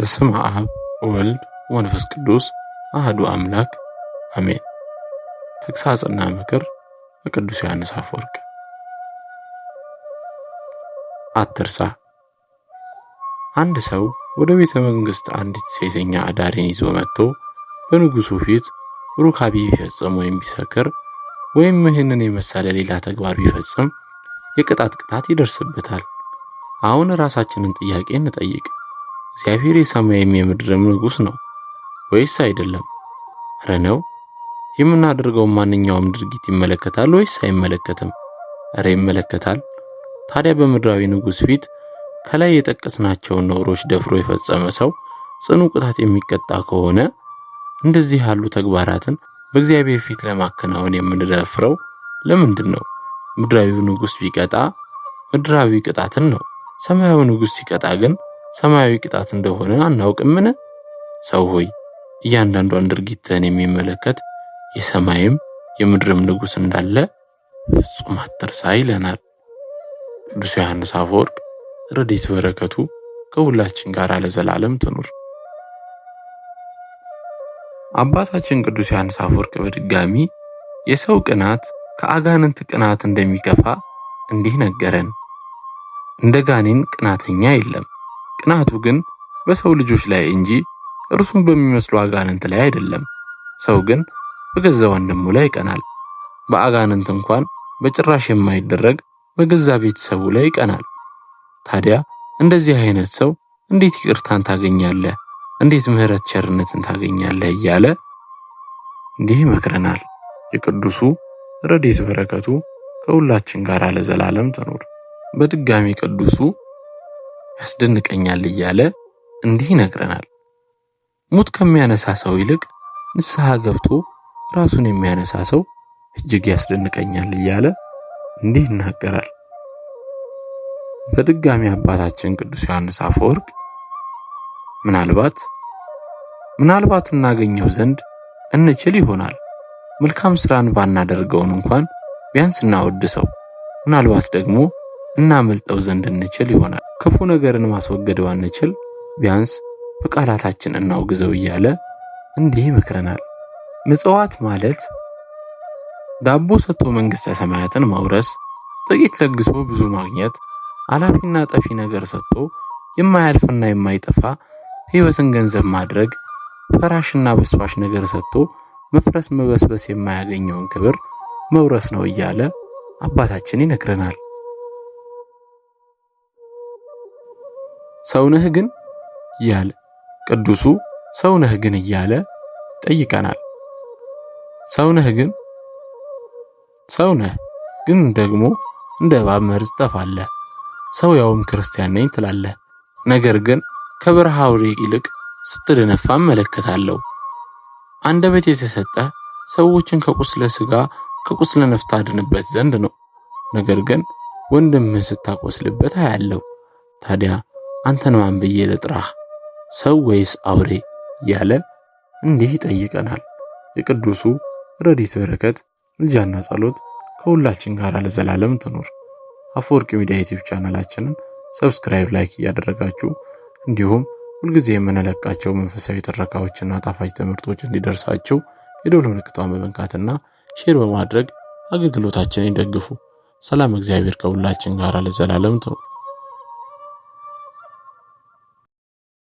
በስም አብ ወልድ ወንፈስ ቅዱስ አህዱ አምላክ አሜን። ተግሳጽና ምክር በቅዱስ ዮሐንስ አፈወርቅ። አትርሳ። አንድ ሰው ወደ ቤተ መንግሥት አንዲት ሴተኛ አዳሪን ይዞ መጥቶ በንጉሡ ፊት ሩካቢ ቢፈጽም ወይም ቢሰክር ወይም ይህንን የመሰለ ሌላ ተግባር ቢፈጽም የቅጣት ቅጣት ይደርስበታል። አሁን ራሳችንን ጥያቄ እንጠይቅ። እግዚአብሔር የሰማይም የምድርም ንጉሥ ነው ወይስ አይደለም? እረ ነው። የምናደርገው ማንኛውም ድርጊት ይመለከታል ወይስ አይመለከትም? እረ ይመለከታል። ታዲያ በምድራዊ ንጉሥ ፊት ከላይ የጠቀስናቸውን ነውሮች ደፍሮ የፈጸመ ሰው ጽኑ ቅጣት የሚቀጣ ከሆነ እንደዚህ ያሉ ተግባራትን በእግዚአብሔር ፊት ለማከናወን የምንደፍረው ለምንድን ነው? ምድራዊው ንጉሥ ቢቀጣ ምድራዊ ቅጣትን ነው። ሰማያዊ ንጉሥ ሲቀጣ ግን ሰማያዊ ቅጣት እንደሆነ አናውቅምን? ሰው ሆይ እያንዳንዷን ድርጊትህን የሚመለከት የሰማይም የምድርም ንጉሥ እንዳለ ፍጹም አትርሳ ይለናል። ቅዱስ ዮሐንስ አፈወርቅ ረዴት በረከቱ ከሁላችን ጋር ለዘላለም ትኑር። አባታችን ቅዱስ ዮሐንስ አፈወርቅ በድጋሚ የሰው ቅናት ከአጋንንት ቅናት እንደሚከፋ እንዲህ ነገረን። እንደ ጋኔን ቅናተኛ የለም። ቅናቱ ግን በሰው ልጆች ላይ እንጂ እርሱን በሚመስሉ አጋንንት ላይ አይደለም። ሰው ግን በገዛ ወንድሙ ላይ ይቀናል። በአጋንንት እንኳን በጭራሽ የማይደረግ በገዛ ቤተሰቡ ላይ ይቀናል። ታዲያ እንደዚህ አይነት ሰው እንዴት ይቅርታን ታገኛለህ? እንዴት ምሕረት ቸርነትን ታገኛለህ? እያለ እንዲህ ይመክረናል። የቅዱሱ ረዴት በረከቱ ከሁላችን ጋር ለዘላለም ትኑር። በድጋሚ ቅዱሱ ያስደንቀኛል እያለ እንዲህ ይነግረናል። ሙት ከሚያነሳ ሰው ይልቅ ንስሐ ገብቶ ራሱን የሚያነሳ ሰው እጅግ ያስደንቀኛል እያለ እንዲህ ይናገራል። በድጋሚ አባታችን ቅዱስ ዮሐንስ አፈወርቅ ምናልባት ምናልባት እናገኘው ዘንድ እንችል ይሆናል መልካም ስራን ባናደርገውን እንኳን ቢያንስ እናወድሰው፣ ምናልባት ደግሞ እናመልጠው ዘንድ እንችል ይሆናል። ክፉ ነገርን ማስወገድ ባንችል ቢያንስ በቃላታችን እናውግዘው እያለ እንዲህ ይመክረናል። ምጽዋት ማለት ዳቦ ሰጥቶ መንግሥተ ሰማያትን መውረስ፣ ጥቂት ለግሶ ብዙ ማግኘት፣ አላፊና ጠፊ ነገር ሰጥቶ የማያልፍና የማይጠፋ ሕይወትን ገንዘብ ማድረግ፣ ፈራሽና በስፋሽ ነገር ሰጥቶ መፍረስ መበስበስ የማያገኘውን ክብር መውረስ ነው እያለ አባታችን ይነግረናል። ሰውነህ ግን እያለ ቅዱሱ ሰውነህ ግን እያለ ጠይቀናል። ሰውነህ ግን ሰውነህ ግን ደግሞ እንደ እባብ መርዝ ትጠፋለህ፣ ሰው ያውም ክርስቲያን ነኝ ትላለህ። ነገር ግን ከበረሃ አውሬ ይልቅ ስትደነፋ እመለከታለሁ። አንደበት የተሰጠ ሰዎችን ከቁስለ ሥጋ ከቁስለ ነፍስ ታድንበት ዘንድ ነው። ነገር ግን ወንድምህን ስታቆስልበት አያለሁ። ታዲያ አንተን ማን ብዬ ልጥራህ ሰው ወይስ አውሬ እያለ እንዲህ ይጠይቀናል። የቅዱሱ ረዲት በረከት ምልጃና ጸሎት ከሁላችን ጋር ለዘላለም ትኑር። አፈወርቅ ሚዲያ ዩቲዩብ ቻናላችንን ሰብስክራይብ፣ ላይክ እያደረጋችሁ እንዲሁም ሁልጊዜ የምንለቃቸው መንፈሳዊ ትረካዎችና ጣፋጭ ትምህርቶች እንዲደርሳችሁ የደወል ምልክቷን በመንካትና ሼር በማድረግ አገልግሎታችንን ይደግፉ። ሰላም፣ እግዚአብሔር ከሁላችን ጋር ለዘላለም ትኑር።